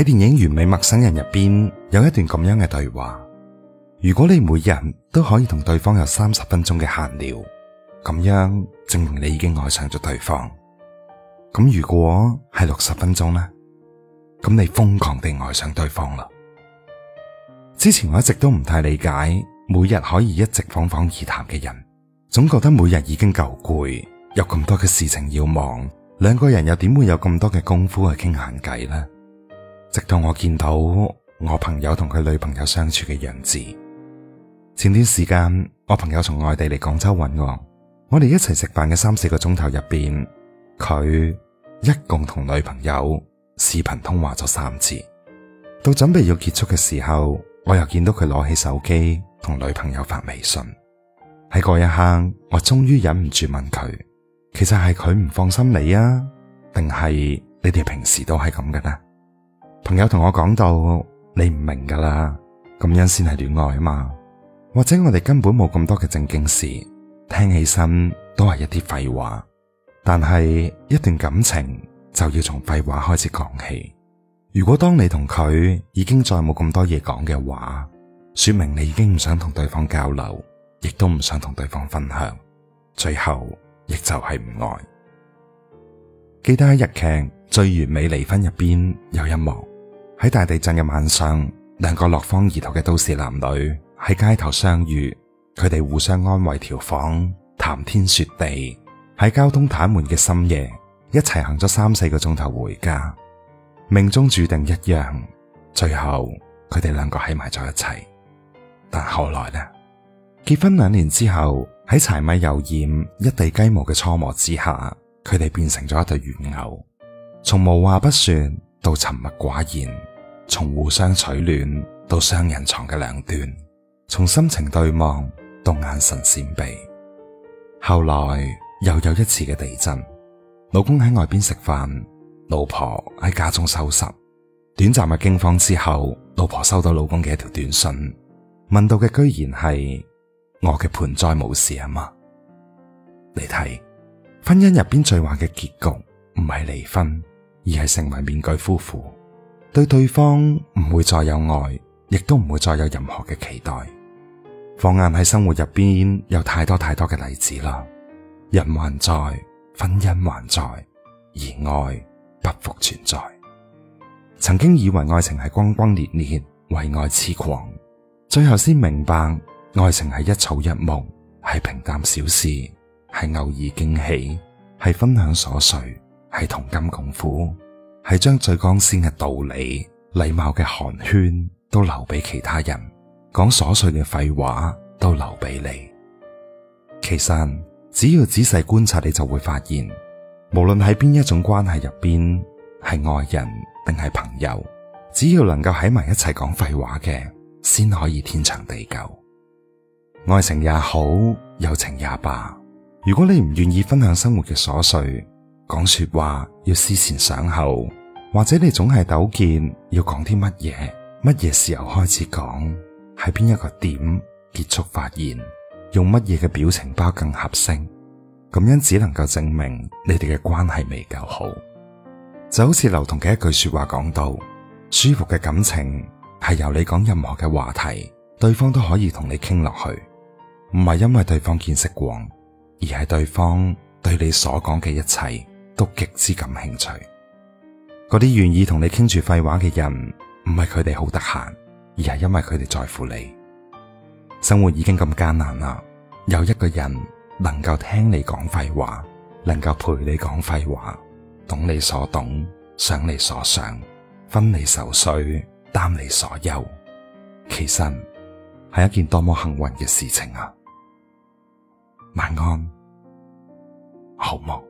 喺電影《完美陌生人》入邊有一段咁樣嘅對話。如果你每日都可以同對方有三十分鐘嘅閒聊，咁樣證明你已經愛上咗對方。咁如果係六十分鐘呢？咁你瘋狂地愛上對方啦。之前我一直都唔太理解，每日可以一直侃侃而談嘅人，總覺得每日已經夠攰，有咁多嘅事情要忙，兩個人又點會有咁多嘅功夫去傾閒偈呢？直到我見到我朋友同佢女朋友相處嘅樣子，前段時間我朋友從外地嚟廣州揾我，我哋一齊食飯嘅三四個鐘頭入邊，佢一共同女朋友視頻通話咗三次，到準備要結束嘅時候，我又見到佢攞起手機同女朋友發微信。喺嗰一刻，我終於忍唔住問佢：其實係佢唔放心你啊，定係你哋平時都係咁噶啦？朋友同我講到，你唔明噶啦，咁樣先係戀愛啊嘛。或者我哋根本冇咁多嘅正經事，聽起身都係一啲廢話。但係一段感情就要從廢話開始講起。如果當你同佢已經再冇咁多嘢講嘅話，說明你已經唔想同對方交流，亦都唔想同對方分享，最後亦就係唔愛。記得喺日劇《最完美離婚》入邊有一幕。喺大地震嘅晚上，兩個落荒而逃嘅都市男女喺街頭相遇，佢哋互相安慰、調房、談天說地。喺交通癱瘓嘅深夜，一齊行咗三四個鐘頭回家，命中注定一樣。最後佢哋兩個喺埋咗一齊，但後來呢，結婚兩年之後，喺柴米油鹽一地雞毛嘅磋磨之下，佢哋變成咗一對怨偶，從無話不說到沉默寡言。從互相取暖到雙人床嘅兩端，從深情對望到眼神閃避。後來又有一次嘅地震，老公喺外邊食飯，老婆喺家中收拾。短暫嘅驚慌之後，老婆收到老公嘅一條短信，問到嘅居然係我嘅盆栽冇事啊嘛？你睇，婚姻入邊最壞嘅結局唔係離婚，而係成為面具夫婦。對對方唔會再有愛，亦都唔會再有任何嘅期待。放眼喺生活入邊，有太多太多嘅例子啦。人還在，婚姻還在，而愛不復存在。曾經以為愛情係轟轟烈烈、為愛痴狂，最後先明白愛情係一草一木，係平淡小事，係偶爾驚喜，係分享瑣碎，係同甘共苦。係將最光鮮嘅道理、禮貌嘅寒暄都留俾其他人，講瑣碎嘅廢話都留俾你。其實只要仔細觀察，你就會發現，無論喺邊一種關係入邊，係愛人定係朋友，只要能夠喺埋一齊講廢話嘅，先可以天長地久。愛情也好，友情也罷，如果你唔願意分享生活嘅瑣碎，講說話要思前想後。或者你總係糾結要講啲乜嘢，乜嘢時候開始講，喺邊一個點結束發言，用乜嘢嘅表情包更合適？咁樣只能夠證明你哋嘅關係未夠好。就好似劉同嘅一句說話講到：舒服嘅感情係由你講任何嘅話題，對方都可以同你傾落去，唔係因為對方見識過，而係對方對你所講嘅一切都極之感興趣。嗰啲願意同你傾住廢話嘅人，唔係佢哋好得閒，而係因為佢哋在乎你。生活已經咁艱難啦，有一個人能夠聽你講廢話，能夠陪你講廢話，懂你所懂，想你所想，分你愁緒，擔你所有，其實係一件多麼幸運嘅事情啊！晚安，好夢。